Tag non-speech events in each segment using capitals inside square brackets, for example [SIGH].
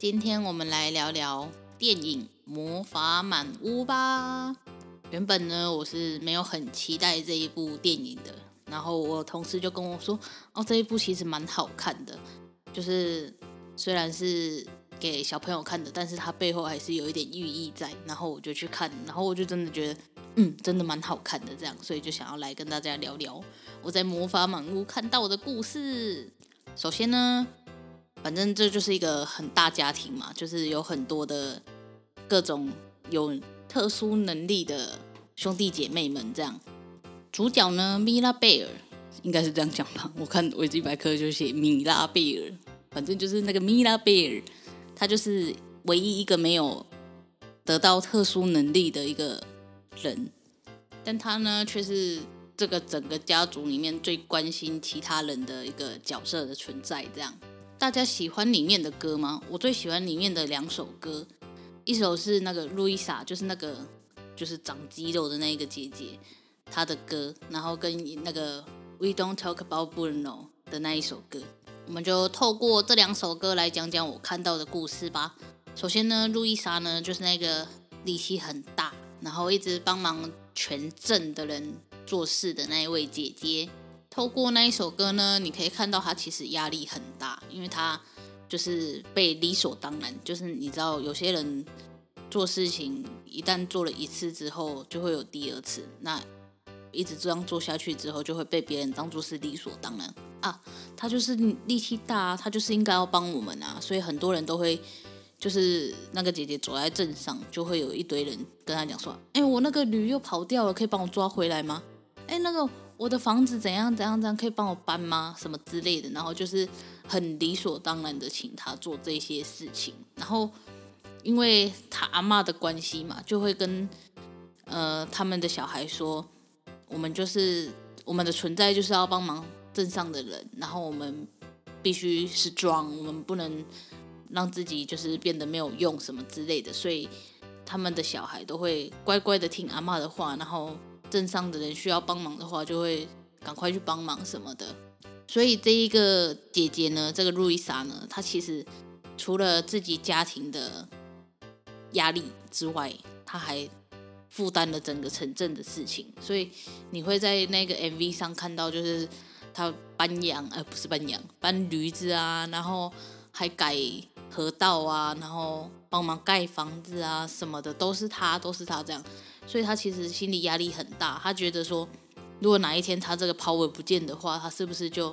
今天我們來聊聊電影《魔法滿屋》吧。原本呢，我是沒有很期待這一部電影的。然後我同事就跟我說：“哦，這一部其實蠻好看的，就是雖然是給小朋友看的，但是它背後還是有一點寓意在。”然後我就去看，然後我就真的覺得，嗯，真的蠻好看的這樣。所以就想要來跟大家聊聊我在《魔法滿屋》看到的故事。首先呢，反正這就是一個很大家庭嘛，就是有很多的各種有特殊能力的兄弟姐妹們。這樣，主角呢，米拉貝爾，應該是這樣講吧？我看維基百科就寫米拉貝爾。反正就是那個米拉貝爾，他就是唯一一個沒有得到特殊能力的一個人，但他呢，卻是這個整個家族裡面最關心其他人的一個角色的存在。這樣。大家喜歡裡面的歌嗎？我最喜歡裡面的兩首歌，一首是那個路易莎，就是那個就是長肌肉的那個姐姐，她的歌，然後跟那個 We Don't Talk About Bruno 的那一首歌，我們就透過這兩首歌來講講我看到的故事吧。首先呢，路易莎呢就是那個力氣很大，然後一直幫忙全鎮的人做事的那一位姐姐。透過那一首歌呢，你可以看到他其實壓力很大，因為他就是被理所當然。就是你知道，有些人做事情一旦做了一次之後，就會有第二次。那一直這樣做下去之後，就會被別人當作是理所當然啊。他就是力氣大啊，他就是應該要幫我們啊。所以很多人都會，就是那個姐姐走在鎮上，就會有一堆人跟他講說：“哎，我那個驢又跑掉了，可以幫我抓回來嗎？”哎，那個。我的房子怎樣怎樣怎樣，可以幫我搬嗎？什麼之類的，然後就是很理所當然的請他做這些事情。然後，因為他阿嬤的關係嘛，就會跟呃他們的小孩說，我們就是我們的存在就是要幫忙鎮上的人，然後我們必須是 strong，我們不能讓自己就是變得沒有用什麼之類的，所以他們的小孩都會乖乖的聽阿嬤的話，然後。鎮上的人需要幫忙的話，就會趕快去幫忙什麼的。所以這一個姐姐呢，這個路易莎呢，她其實除了自己家庭的壓力之外，她還負擔了整個城鎮的事情。所以你會在那個 MV 上看到，就是她搬羊，哎、呃，不是搬羊，搬驢子啊，然後還改河道啊，然後幫忙蓋房子啊什麼的，都是她，都是她這樣。所以他其實心理壓力很大，他覺得說，如果哪一天他這個拋尾不見的話，他是不是就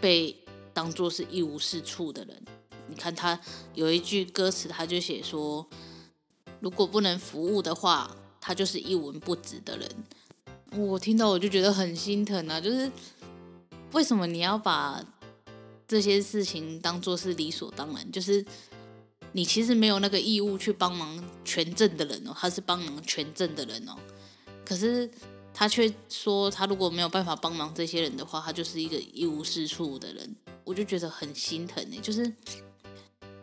被當做是一無是處的人？你看他有一句歌詞，他就寫說，如果不能服務的話，他就是一文不值的人。我聽到我就覺得很心疼啊，就是為什麼你要把這些事情當做是理所當然？就是。你其實沒有那個義務去幫忙全鎮的人哦，他是幫忙全鎮的人哦，可是他卻說，他如果沒有辦法幫忙這些人的話，他就是一個一無是處的人，我就覺得很心疼哎，就是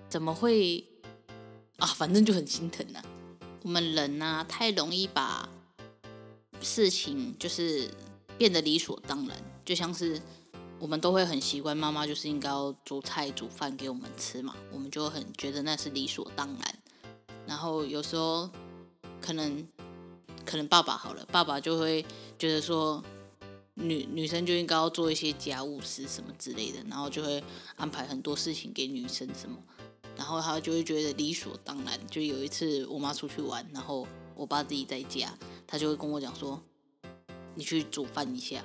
怎麼會啊？反正就很心疼呢、啊。我們人呢、啊，太容易把事情就是變得理所當然，就像是。我們都會很習慣，媽媽就是應該要做菜煮飯給我們吃嘛，我們就很覺得那是理所當然。然後有時候可能可能爸爸好了，爸爸就會覺得說女女生就應該要做一些家務事什麼之類的，然後就會安排很多事情給女生什麼，然後他就會覺得理所當然。就有一次我媽出去玩，然後我爸自己在家，他就會跟我講說：“你去煮飯一下。”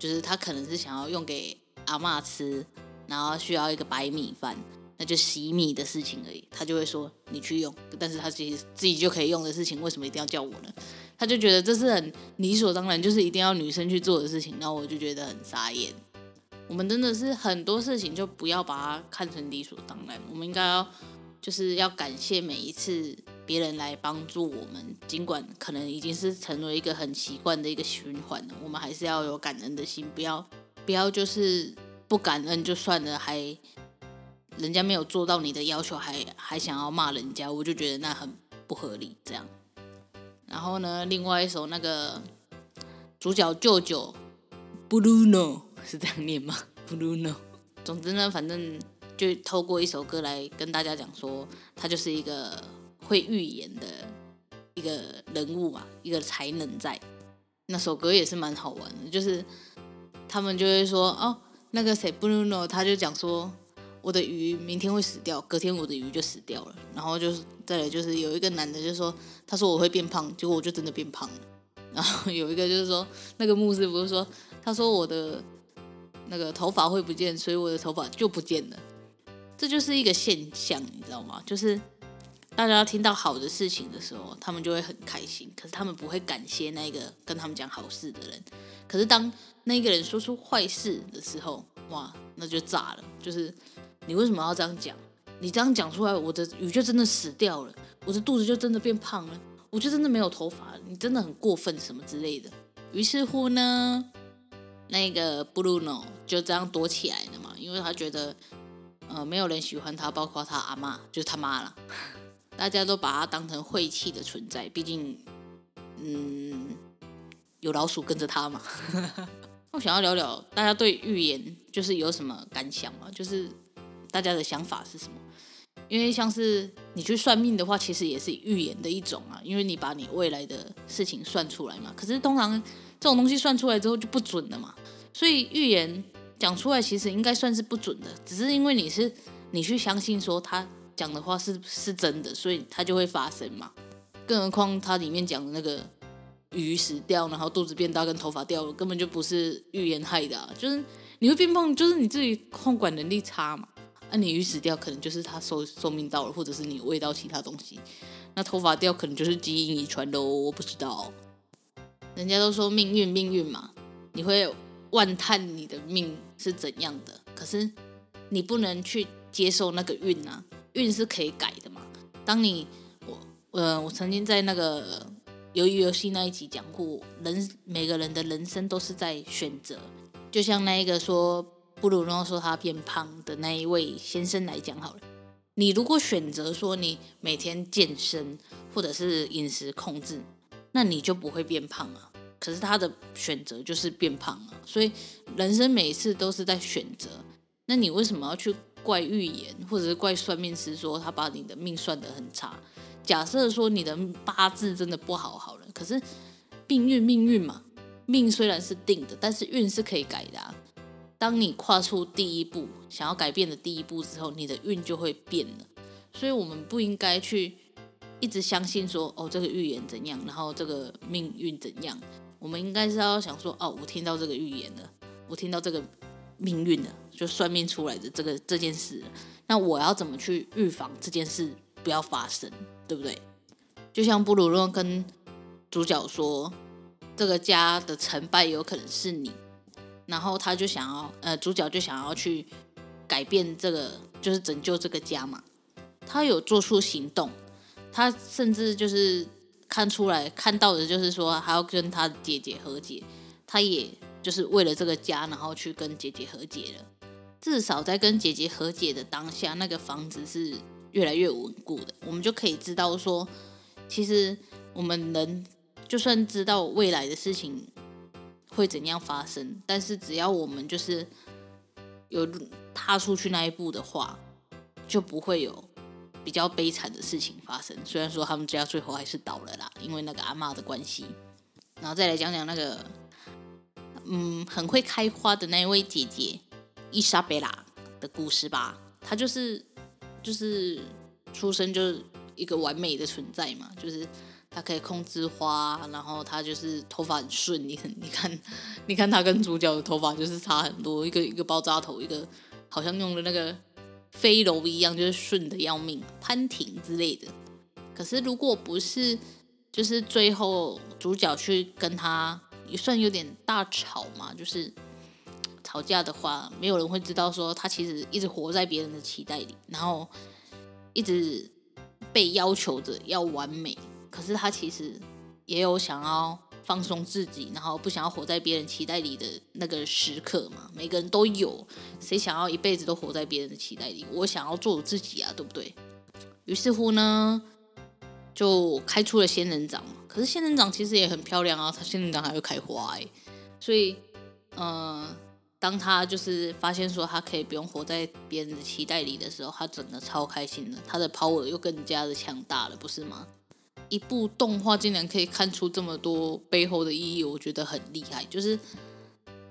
就是他可能是想要用給阿嬤吃，然後需要一個白米飯，那就洗米的事情而已。他就會說，你去用，但是他自己自己就可以用的事情，為什麼一定要叫我呢？他就覺得這是很理所當然，就是一定要女生去做的事情。然後我就覺得很傻眼。我們真的是很多事情就不要把它看成理所當然，我們應該要就是要感謝每一次。別人來幫助我們，儘管可能已經是成為一個很習慣的一個循環了，我們還是要有感恩的心，不要不要就是不感恩就算了還，還人家沒有做到你的要求，還還想要罵人家，我就覺得那很不合理。這樣，然後呢，另外一首那個主角舅舅布魯諾是這樣念嗎？布魯諾，總之呢，反正就透過一首歌來跟大家講說，他就是一個。會預言的一個人物嘛，一個才能，在那首歌也是蠻好玩的，就是他們就會說哦，那個誰布魯諾他就講說我的魚明天會死掉，隔天我的魚就死掉了。然後就是再來就是有一個男的就說他說我會變胖，結果我就真的變胖了。然後有一個就是說那個牧師不是說他說我的那個頭髮會不見，所以我的頭髮就不見了。這就是一個現象，你知道嗎？就是。大家聽到好的事情的時候，他們就會很開心。可是他們不會感謝那個跟他們講好事的人。可是當那個人說出壞事的時候，哇，那就炸了！就是你為什麼要這樣講？你這樣講出來，我的魚就真的死掉了，我的肚子就真的變胖了，我就真的沒有頭髮了。你真的很過分，什麼之類的。於是乎呢，那個布魯諾就這樣躲起來了嘛，因為他覺得呃沒有人喜歡他，包括他阿媽，就是他媽了。大家都把它當成晦氣的存在，畢竟，嗯，有老鼠跟着它嘛。 [LAUGHS] 我想要聊聊大家對預言就是有什麼感想嘛？就是大家的想法是什麼？因為像是你去算命的話，其實也是預言的一種啊，因為你把你未來的事情算出來嘛。可是通常這種東西算出來之後就不準了嘛，所以預言講出來其實應該算是不準的，只是因為你是你去相信說它。講的話是是真的，所以它就會發生嘛。更何況它裡面講的那個魚死掉，然後肚子變大跟頭髮掉了，根本就不是預言害的啊。就是你會變胖，就是你自己控管能力差嘛。那、啊、你魚死掉可能就是它壽壽命到了，或者是你餵到其他東西。那頭髮掉可能就是基因遺傳咯，我不知道。人家都說命運命運嘛，你會怨嘆你的命是怎樣的，可是你不能去接受那個運啊。運是可以改的嘛。當你，我呃，我曾經在那個《魷魚遊戲》那一集講過，人每個人的人生都是在選擇。就像那一個說布魯諾說他變胖的那一位先生來講好了，你如果選擇說你每天健身或者是飲食控制，那你就不會變胖啊。可是他的選擇就是變胖啊，所以人生每一次都是在選擇。那你為什麼要去？怪預言，或者是怪算命師說他把你的命算得很差。假設說你的八字真的不好，好了，可是命運命運嘛，命雖然是定的，但是運是可以改的啊。當你跨出第一步，想要改變的第一步之後，你的運就會變了。所以，我們不應該去一直相信說，哦，這個預言怎樣，然後這個命運怎樣。我們應該是要想說，哦，我聽到這個預言了，我聽到這個命運了。就算命出來的這個這件事，那我要怎麼去預防這件事不要發生，對不對？就像布魯諾跟主角說，這個家的成敗有可能是你，然後他就想要，呃，主角就想要去改變這個，就是拯救這個家嘛。他有做出行動，他甚至就是看出來，看到的，就是說還要跟他姐姐和解，他也就是為了這個家，然後去跟姐姐和解了。至少在跟姐姐和解的當下，那個房子是越來越穩固的。我們就可以知道說，其實我們人，就算知道未來的事情會怎樣發生，但是只要我們就是有踏出去那一步的話，就不會有比較悲慘的事情發生。雖然說他們家最後還是倒了啦，因為那個阿嬤的關係。然後再來講講那個，嗯，很會開花的那一位姐姐。伊莎貝拉的故事吧，她就是就是出生就是一個完美的存在嘛，就是她可以控制花，然後她就是頭髮很順，你很你看你看她跟主角的頭髮就是差很多，一個一個爆炸頭，一個好像用的那個飛柔一樣，就是順的要命，潘婷之類的。可是如果不是，就是最後主角去跟她也算有點大吵嘛，就是。吵架的話，沒有人會知道說他其實一直活在別人的期待裡，然後一直被要求着要完美。可是他其實也有想要放鬆自己，然後不想要活在別人期待裡的那個時刻嘛。每個人都有，誰想要一輩子都活在別人的期待裡？我想要做我自己啊，對不對？於是乎呢，就開出了仙人掌嘛。可是仙人掌其實也很漂亮啊，它仙人掌還會開花，欸，所以，嗯、呃。當他就是發現說他可以不用活在別人的期待裡的時候，他整個超開心的，他的 power 又更加的強大了，不是嗎？一部動畫竟然可以看出這麼多背後的意義，我覺得很厲害。就是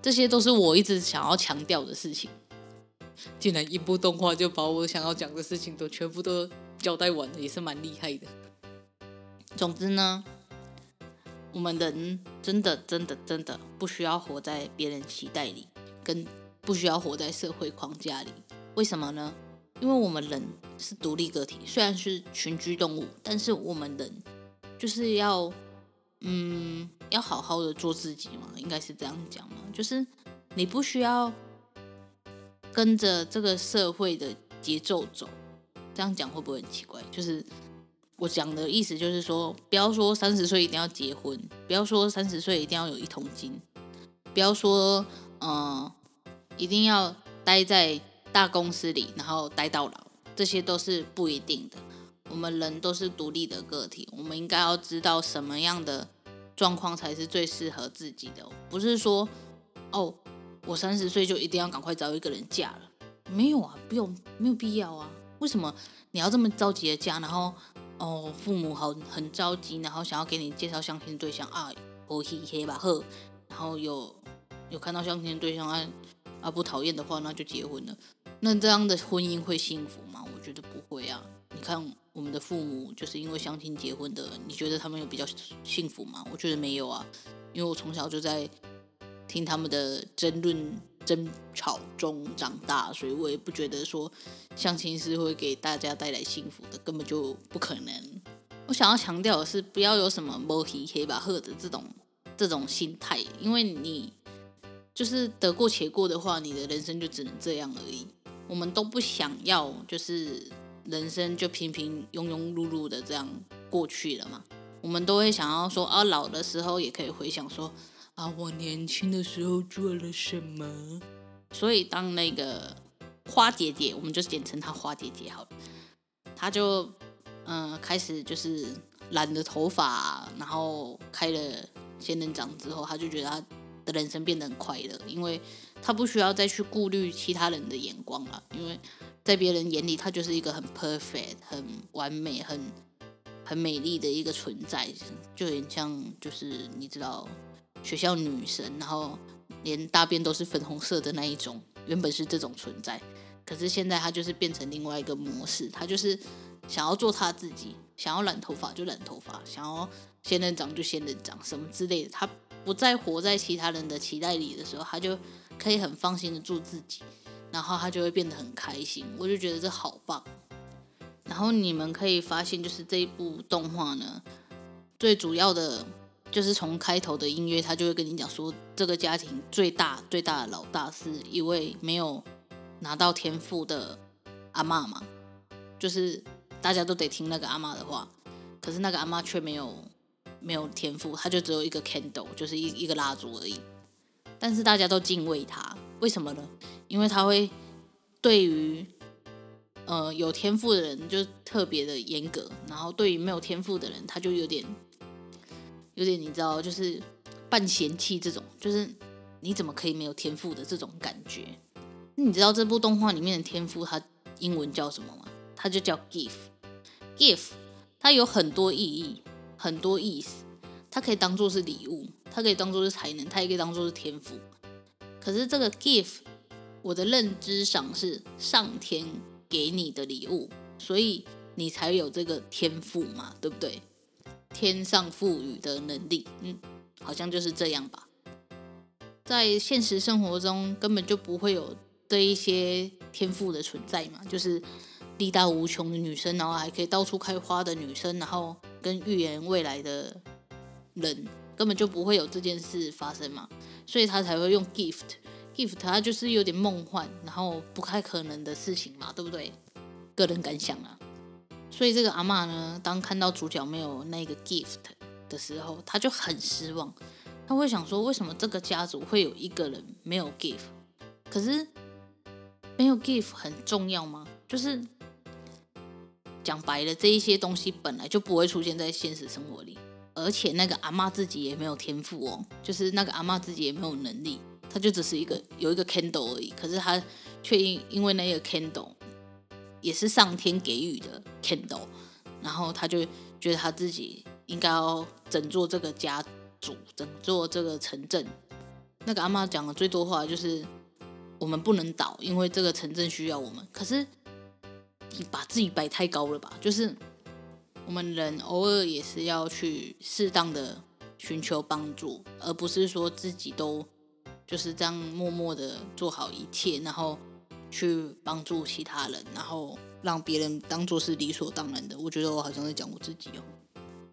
這些都是我一直想要強調的事情，竟然一部動畫就把我想要講的事情都全部都交代完了，也是蠻厲害的。總之呢，我們人真的真的真的不需要活在別人期待裡。跟不需要活在社會框架裡，為什麼呢？因為我們人是獨立個體，雖然是群居動物，但是我們人就是要，嗯，要好好的做自己嘛，應該是這樣講嘛。就是你不需要跟着這個社會的節奏走，這樣講會不會很奇怪？就是我講的意思就是說，不要說三十歲一定要結婚，不要說三十歲一定要有一桶金，不要說，嗯、呃。一定要待在大公司裡，然後待到老，這些都是不一定的。我們人都是獨立的個體，我們應該要知道什麼樣的狀況才是最適合自己的。不是說哦，我三十歲就一定要趕快找一個人嫁了，沒有啊，不用，沒有必要啊。為什麼你要這麼着急的嫁？然後哦，父母好很着急，然後想要給你介紹相親對象啊，我、哦、嘿嘿吧呵，然後有有看到相親對象啊。啊，不討厭的話，那就結婚了。那這樣的婚姻會幸福嗎？我覺得不會啊。你看，我們的父母就是因為相親結婚的，你覺得他們有比較幸福嗎？我覺得沒有啊。因為我從小就在聽他們的爭論爭吵中長大，所以我也不覺得說相親是會給大家帶來幸福的，根本就不可能。我想要強調的是，不要有什麼摸黑黑白赫的這種這種心態，因為你。就是得過且過的話，你的人生就只能這樣而已。我們都不想要，就是人生就平平庸庸碌碌的這樣過去了嘛。我們都會想要說，啊，老的時候也可以回想說，啊，我年輕的時候做了什麼。所以當那個花姐姐，我們就簡稱她花姐姐好了。她就嗯、呃，開始就是染了頭髮，然後開了仙人掌之後，她就覺得她。的人生變得很快樂，因為他不需要再去顧慮其他人的眼光了。因為在別人眼裡，他就是一個很 perfect、很完美、很很美麗的一個存在，就很像就是你知道學校女神，然後連大便都是粉紅色的那一種。原本是這種存在，可是現在他就是變成另外一個模式，他就是想要做他自己，想要染頭髮就染頭髮，想要仙人掌就仙人掌什麼之類的，他。不再活在其他人的期待裡的時候，他就可以很放心的做自己，然後他就會變得很開心。我就覺得這好棒。然後你們可以發現，就是這一部動畫呢，最主要的就是從開頭的音樂，他就會跟你講說，這個家庭最大最大的老大是一位沒有拿到天賦的阿嬤嘛，就是大家都得聽那個阿嬤的話，可是那個阿嬤卻沒有。沒有天賦，他就只有一個 candle，就是一一個蠟燭而已。但是大家都敬畏他，為什麼呢？因為他會對於呃有天賦的人就特別的嚴格，然後對於沒有天賦的人，他就有點有點你知道，就是半嫌棄這種，就是你怎麼可以沒有天賦的這種感覺。你知道這部動畫裡面的天賦它英文叫什麼嗎？它就叫 gift，gift，它有很多意義。很多意思，它可以當做是禮物，它可以當做是才能，它也可以當做是天賦。可是這個 gift，我的認知上是上天給你的禮物，所以你才有這個天賦嘛，對不對？天上賦予的能力，嗯，好像就是這樣吧。在現實生活中根本就不會有這一些天賦的存在嘛，就是力大無窮的女生，然後還可以到處開花的女生，然後。跟預言未來的人根本就不會有這件事發生嘛，所以他才會用 gift gift，他就是有點夢幻，然後不太可能的事情嘛，對不對？個人感想啊。所以這個阿嬤呢，當看到主角沒有那個 gift 的時候，他就很失望，他會想說：為什麼這個家族會有一個人沒有 gift？可是沒有 gift 很重要嗎？就是。講白了，這一些東西本來就不會出現在現實生活裡，而且那個阿媽自己也沒有天賦哦，就是那個阿媽自己也沒有能力，他就只是一個有一個 candle 而已。可是他卻因因為那個 candle 也是上天給予的 candle，然後他就覺得他自己應該要拯救這個家族，拯救這個城鎮。那個阿媽講的最多話就是，我們不能倒，因為這個城鎮需要我們。可是你把自己擺太高了吧？就是我們人偶爾也是要去適當的尋求幫助，而不是說自己都就是這樣默默的做好一切，然後去幫助其他人，然後讓別人當做是理所當然的。我覺得我好像在講我自己哦。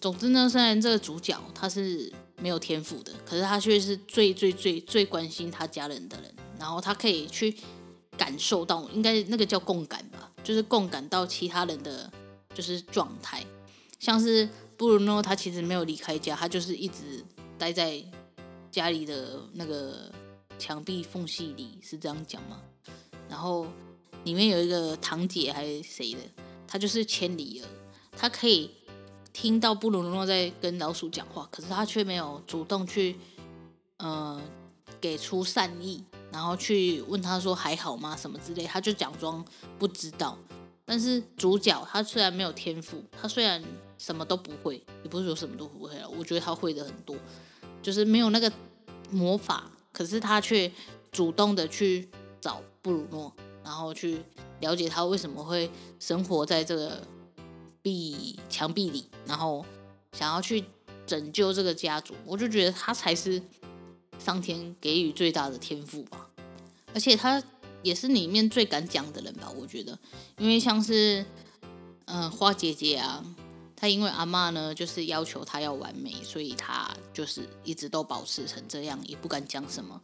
總之呢，雖然這個主角他是沒有天賦的，可是他卻是最最最最關心他家人的人，然後他可以去感受到，應該那個叫共感吧。就是共感到其他人的就是狀態，像是布魯諾他其實沒有離開家，他就是一直待在家裡的那個牆壁縫隙裡,是這樣講嗎然後裡面有一個堂姐還是誰的,她就是千里耳,她可以聽到布魯諾在跟老鼠講話,可是她卻沒有主動去呃給出善意。然後去問他說，還好嗎？什麼之類的，他就假裝不知道。但是主角他雖然沒有天賦，他雖然什麼都不會，也不是說什麼都不會了。我覺得他會的很多，就是沒有那個魔法，可是他卻主動的去找布魯諾，然後去了解他為什麼會生活在這個壁、牆壁裡，然後想要去拯救這個家族。我就覺得他才是上天給予最大的天賦吧。而且他也是裡面最敢講的人吧？我覺得，因為像是，嗯、呃，花姐姐啊，她因為阿嬤呢，就是要求她要完美，所以她就是一直都保持成這樣，也不敢講什麼。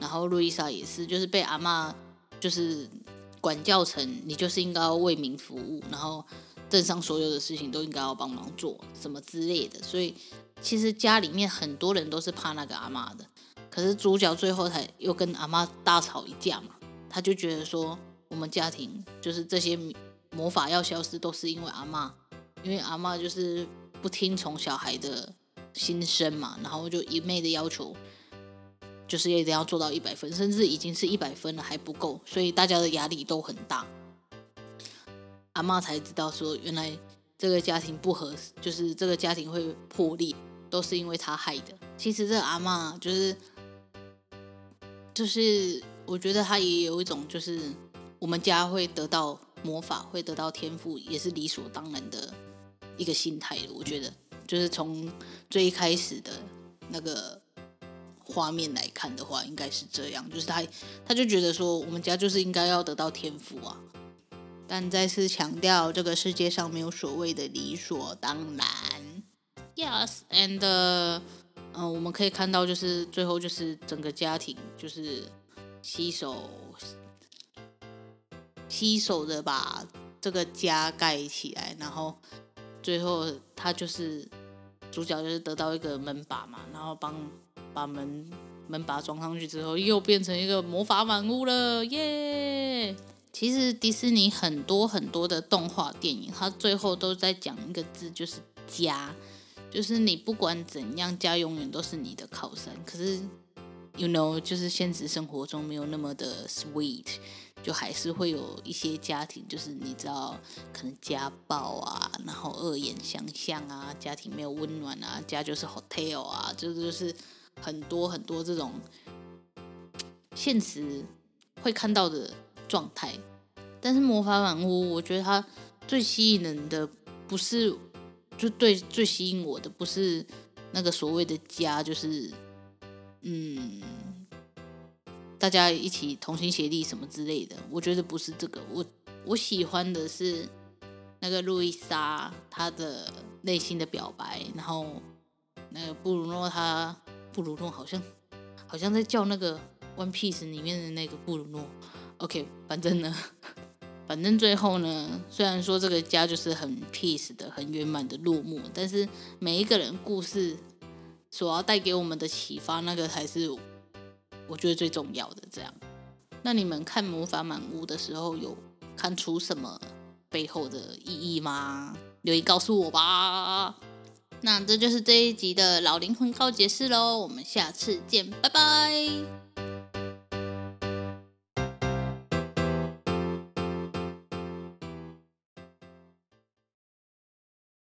然後路易莎也是，就是被阿嬤就是管教成你就是應該要為民服務，然後鎮上所有的事情都應該要幫忙做什麼之類的。所以其實家裡面很多人都是怕那個阿嬤的。可是主角最後才又跟阿嬤大吵一架嘛？他就覺得說，我們家庭就是這些魔法要消失，都是因為阿嬤，因為阿嬤就是不聽從小孩的心聲嘛，然後就一昧的要求，就是一定要做到一百分，甚至已經是一百分了還不夠，所以大家的壓力都很大。阿嬤才知道說，原來這個家庭不合，就是這個家庭會破裂，都是因為他害的。其實這個阿嬤就是。就是我覺得他也有一種，就是我們家會得到魔法，會得到天賦，也是理所當然的一個心態。我覺得，就是從最一開始的那個畫面來看的話，應該是這樣。就是他他就覺得說，我們家就是應該要得到天賦啊。但再次強調，這個世界上沒有所謂的理所當然。Yes, and 嗯，我們可以看到，就是最後就是整個家庭就是攜手，攜手的把這個家蓋起來，然後最後他就是主角就是得到一個門把嘛，然後幫把門門把裝上去之後，又變成一個魔法滿屋了，耶、yeah！其實迪士尼很多很多的動畫電影，它最後都在講一個字，就是家。就是你不管怎樣，家永遠都是你的靠山。可是，you know，就是現實生活中沒有那麼的 sweet，就還是會有一些家庭，就是你知道，可能家暴啊，然後惡言相向啊，家庭沒有溫暖啊，家就是 hotel 啊，就就是很多很多這種現實會看到的狀態。但是《魔法滿屋》，我覺得它最吸引人的不是。就對，最吸引我的不是那個所謂的家，就是嗯，大家一起同心協力什麼之類的，我覺得不是這個。我我喜歡的是那個路易莎她的內心的表白，然後那個布魯諾他布魯諾好像好像在叫那個《One Piece》裡面的那個布魯諾。OK，反正呢。反正最後呢，雖然說這個家就是很 peace 的，很圓滿的落幕，但是每一個人故事所要帶給我們的啟發，那個才是我，我覺得最重要的。這樣，那你們看《魔法滿屋》的時候有看出什麼背後的意義嗎？留言告訴我吧。那這就是這一集的老靈魂告解室嘍，我們下次見，拜拜。